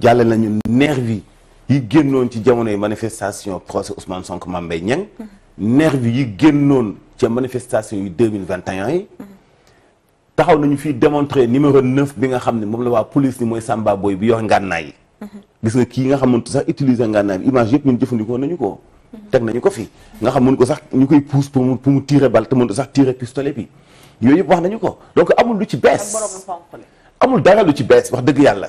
jàlle nañu nervi yi génnoon ci jamonoy manifestation procès Ousmane Sonko Mame Mbaye Niang nervi yi génnoon ci manifestation yi 2021 yi taxaw nañu fi démontrer numéro 9 bi nga xamné mom la wa police ni moy Samba Boy bi yox ngànnaay yi gis nga kii nga xamante sax utiliser ngànnaay image yépp ñun jëfandikoo nañu ko tek nañu ko fi nga xam mënu ko sax ñu pousse pour pour mu tirer balle te mun sax tirer pistolet bi yooyu yëpp wax nañu ko donc amul lu ci bees amul dara lu ci bees wax dëgg yalla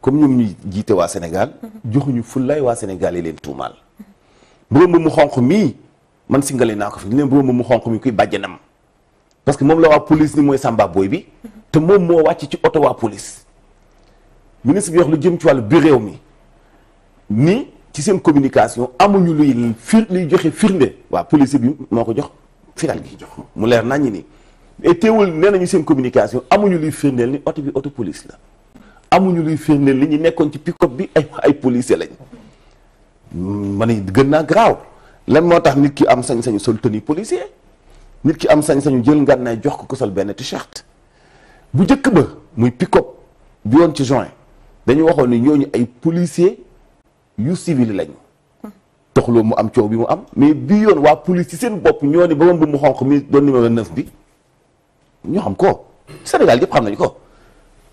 comme ñoom ñu jiite waa Sénégal joxuñu fullaay waa Sénégal yi leen tuumaal mburoom ba mu xonq mii man singale naa ko fi ñu leen mburoom ba mu xonq mii kuy bàjjanam parce que moom la waa police ni mooy Samba Boy bi te moom moo wàcc ci oto waa police ministre bi wax lu jëm ci wàllu bureau mi ni ci seen communication amuñu luy fir luy joxe firnde waa police bi moo ko jox firal gi mu leer naññi ni et teewul nee nañu seen communication amuñu luy firndeel ni oto bi oto police la amuñu luy firndeel li ñu nekkoon ci pick bi ay ay policier lañ ma ne gën naa garaaw lan moo tax nit ki am sañ-sañu sol tenue policier nit ki am sañ-sañu jël naa jox ko ko sol benn t-shirt bu njëkk ba muy pick-up bi woon ci juin dañu waxoon ni ñooñu ay policier yu civil lañu toxloo mu am coow bi mu am mais bii yoon waa police ci seen bopp ñoo ni ba mu xonq mi doon numéro 9 bi ñoo xam ko Sénégal yëpp xam nañ ko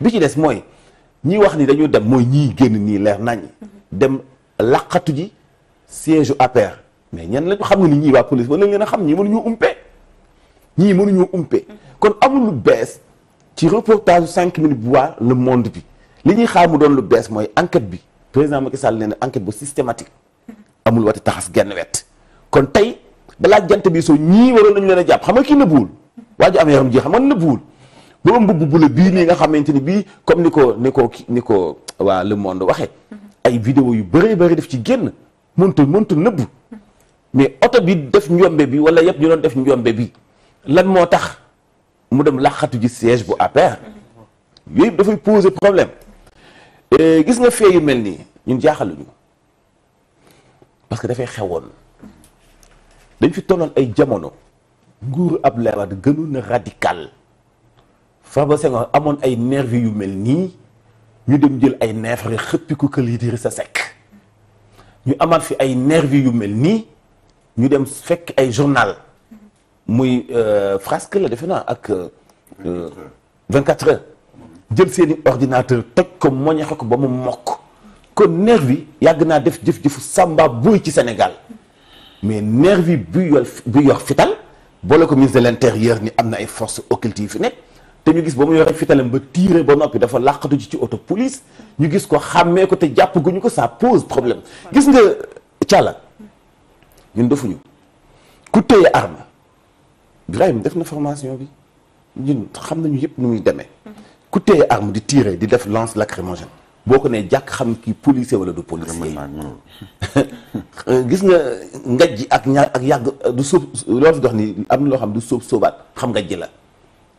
bi des mooy ñi wax ni dañu dem moy ñi génn ni leer nañ dem laqatu ji siège APR mais ñen lañu xam ni ñi wa police mën nañ xam ñi mënu ñu umpé ñi mënu ñu umpé kon amu lu bess ci reportage cinq minutes bu le monde bi li ñuy xaar doon lu bess moy enquête bi président Macky Sall nee enquête bu systématique amul wati taxas genn wet kon tay balaa jant bi so ñi waro nañu leena japp xam nga ki nëbbuwul waa am yaram ji xam nga nëbbuwul borom mbubb bu la bii nii nga xamanteni bi comme niko niko niko wa Le Monde waxe mhm. ay vidéo yu bëree bëri def ci guen montu montu neub mais auto bi def ñombe bi wala yeb ñu doon def ñombe bi lan mo tax mu dem la xatu ci siège bu APR da fay poser problème gis nga fee yu melni ñun jaxalu ñu parce que da fay xewoon dañ fi tolloon ay jamono nguuru ab lewat gënu na radical il y a ay nervi yu mel ñu dem jël ay ko des nerfs sec ñu amal fi ay nervi yu mel ñu dem fekk ay journal muy euh, frasque la defena ak 24 euh, heures jël ordinateur ko moñ ba mu mok ko nervi def jëf ci Sénégal mais nervi bu bu fital ko ministre de l'intérieur ni amna ay forces occultes té ñu gis ba mu fitalam ba ba nopi dafa laqatu ci auto police ñu gis ko xamé ko té japp guñu ko ça pose problème gis nga tu ñun defuñu ku arme def na formation bi ñun xam nañu nu ku arme di di def lance lacrymogène boko né nee xam ki policier wala du policier euh, gis nga ak ñaar ak yag du dox am na xam du sobat xam nga ji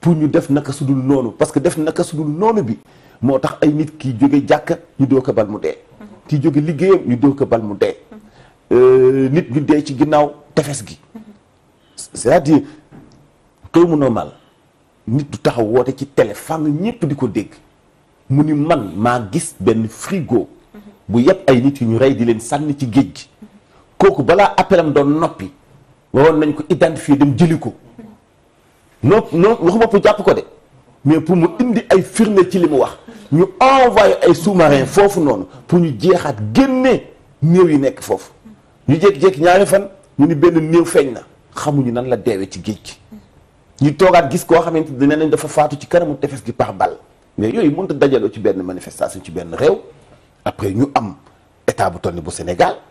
pour ñu def naka sudul noonu parce que def naka sudul noonu bi moo tax ay nit ki jóge jàkka ñu doo ko bal mu dee ki jóge liggéeyam ñu doo ko bal mu dee euh, nit ñu dee ci ginnaaw tefes gi c'est-à-dire xew mu nit du taxaw woote ci télé fàng ñëpp di ko dégg mu ni man maa gis benn frigo bu yëpp ay nit yu ñu rey di leen sànni ci géej gi kooku balaa appelam doon noppi waroon nañ ko identifier dem jëli ko non non waxuma pour sais ko de mais pour mu indi ay firnde ci limu wax ñu sous-marin fofu non pour ñu jéxat que yi nek fofu ñu nous jék ñaari fan ñu ni na xamuñu nan la déwé ci ñu gis dafa faatu ci tefes par mais yoy ci manifestation ci après ñu am bu Sénégal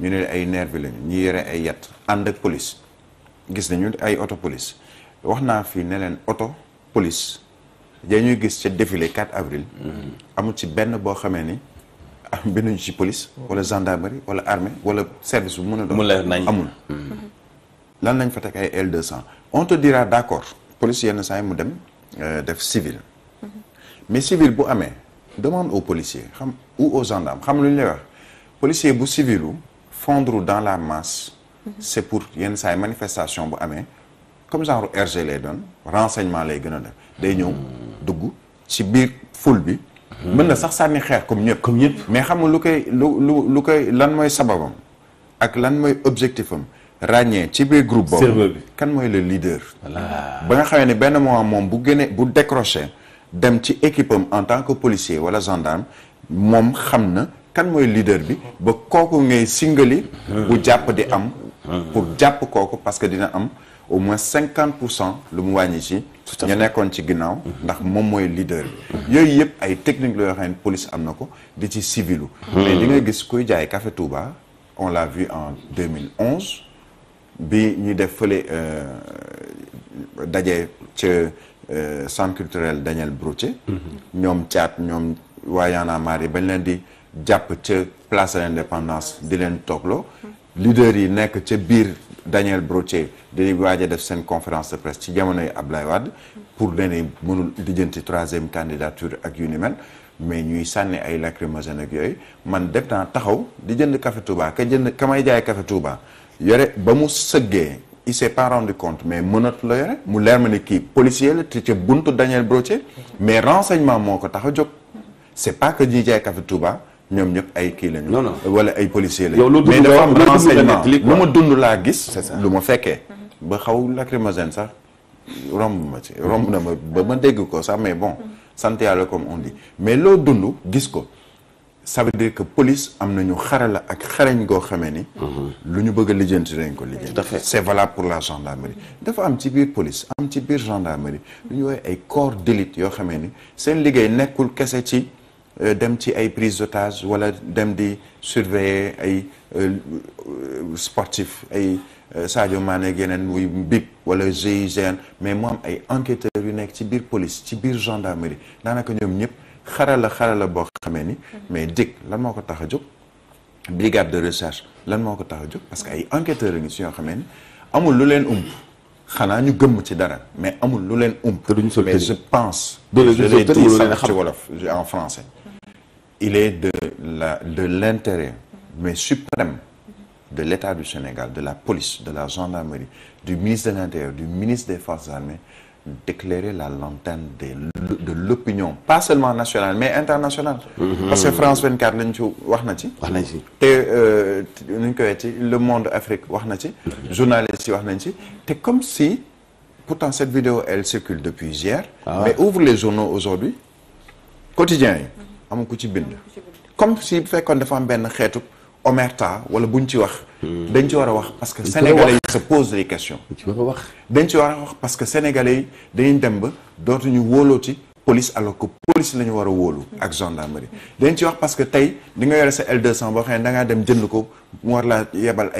ñu ay nervi lañu ñi yéré ay yatt ànd ak police gis nañu ay auto police waxna fi fii auto police dañuy gis ci défilé 4 avril mm-hmm. amul ci benn bo xamé ni am binduñu ci police mm-hmm. wala gendarmerie wala armée wala service bu mëna do amul mm-hmm. lan lañ fa tek ay L200 on te dira d'accord police yenn saa mu dem euh, def civil mais civil bu amé demande aux policiers xam ou aux gendarmes xam lu ñu lay wax policier bu civilu fondre dans la masse. c'est pour yen sa manifestation bu comme genre RG les donne, renseignement les gën Des def day ñëw dugg ci biir foule bi. mën na sax sànni comme mieux. comme mieux. mais xam nga lu koy lu lu lu lan mooy sababam ak lan objectif Ragné, ci groupe Quand moi le leader. ba nga xamee ne benn moment moom bu gënee bu décroché dem ci équipe en tant que policier wala gendarme moom xam kan mooy leader bi ba kooku ngay singali bu jàpp di am pour jàpp kooku parce que dina am au moins cinquante pour cent lu mu wàññi ci ñu nekkoon ci ginnaaw ndax moom mooy leader bi yooyu yëpp ay technique la yoo xam ne police am na ko di ci civilu mais di nga gis kuy jaay café Touba on l'a vu en 2011 bi ñuy def fële euh, daje ca euh, centre culturel Daniel Broutier mm-hmm. ñoom caat ñoom waa Y'en a marre bañ leen di jàpp ca place de l'indépendance di leen leader yi nekk ca biir Daniel Brochet di waaj a def seen conférence de presse ci jamonoy Ablaye Wade pour leen mënul lijjanti troisième candidature ak yu ni mais ñuy sànni ay lacrymogène ak yooyu man def naa taxaw di jënd café Touba ka jënd ka may jaay café Touba yore ba mu sëggee il s'est pas rendu compte mais mënatu la yore mu leer ne kii policier la te buntu Daniel Brochet mais renseignement moo ko c'est pas que ñuy jaay café Touba ñom ñep ay les lañu. non non wala ay policiers mais dafa am renseignement dund la gis. c'est ça ba xaw lacrymogène sax romb ma na mais bon santé yàlla comme on dit mais loo dund gis ça veut dire que police am nañu xarala ak xarañ goo xamee ni. Mhm. lu ñu bëgg a lijjanti dañ ko c'est valable pour la gendarmerie. dafa am ci biir police am ci biir gendarmerie. ñu ay corps d'élite yoo xamee ni seen liggéey nekkul euh, dem ci ay prise d'otage wala dem di surveiller ay euh, euh, sportif ay Sadio Mané yeneen muy BIP wala GIGN mais mo am ay enquêteur yu nekk ci biir police ci biir gendarmerie daanaka ñoom ñëpp xarala xarala bo xamé ni mais dick lan moko ko tax brigade de recherche lan moko ko tax parce que ay enquêteur ñu ngi si ni amul lu leen ump xanaa ñu gëm ci dara mais amul lu leen ump mais je pense de l'ai dit en français il est de l'intérêt, mais suprême, de l'État du Sénégal, de la police, de la gendarmerie, du ministre de l'Intérieur, du ministre des Forces armées, d'éclairer la lanterne de, l'opinion, pas seulement nationale, mais internationale. Mm-hmm. Parce que France 24, euh, le monde Afrique, mm-hmm. journaliste, c'est comme si, pourtant cette vidéo, elle circule depuis hier, ah. mais ouvre les journaux aujourd'hui, quotidien amul ko ci bind comme si fekkoon dafa am ben xétu omerta wala buñ ci wax hmm. dañ ci wara wax parce que sénégalais se pose les questions dañ ci wara wax parce que sénégalais dañu dem ba ñu wolo ci police alors que police lañu wara wolu ak gendarmerie dañ ci wax parce que tay di nga yore sa L200 boo xam da nga dem jënd ko mu war la yebal ay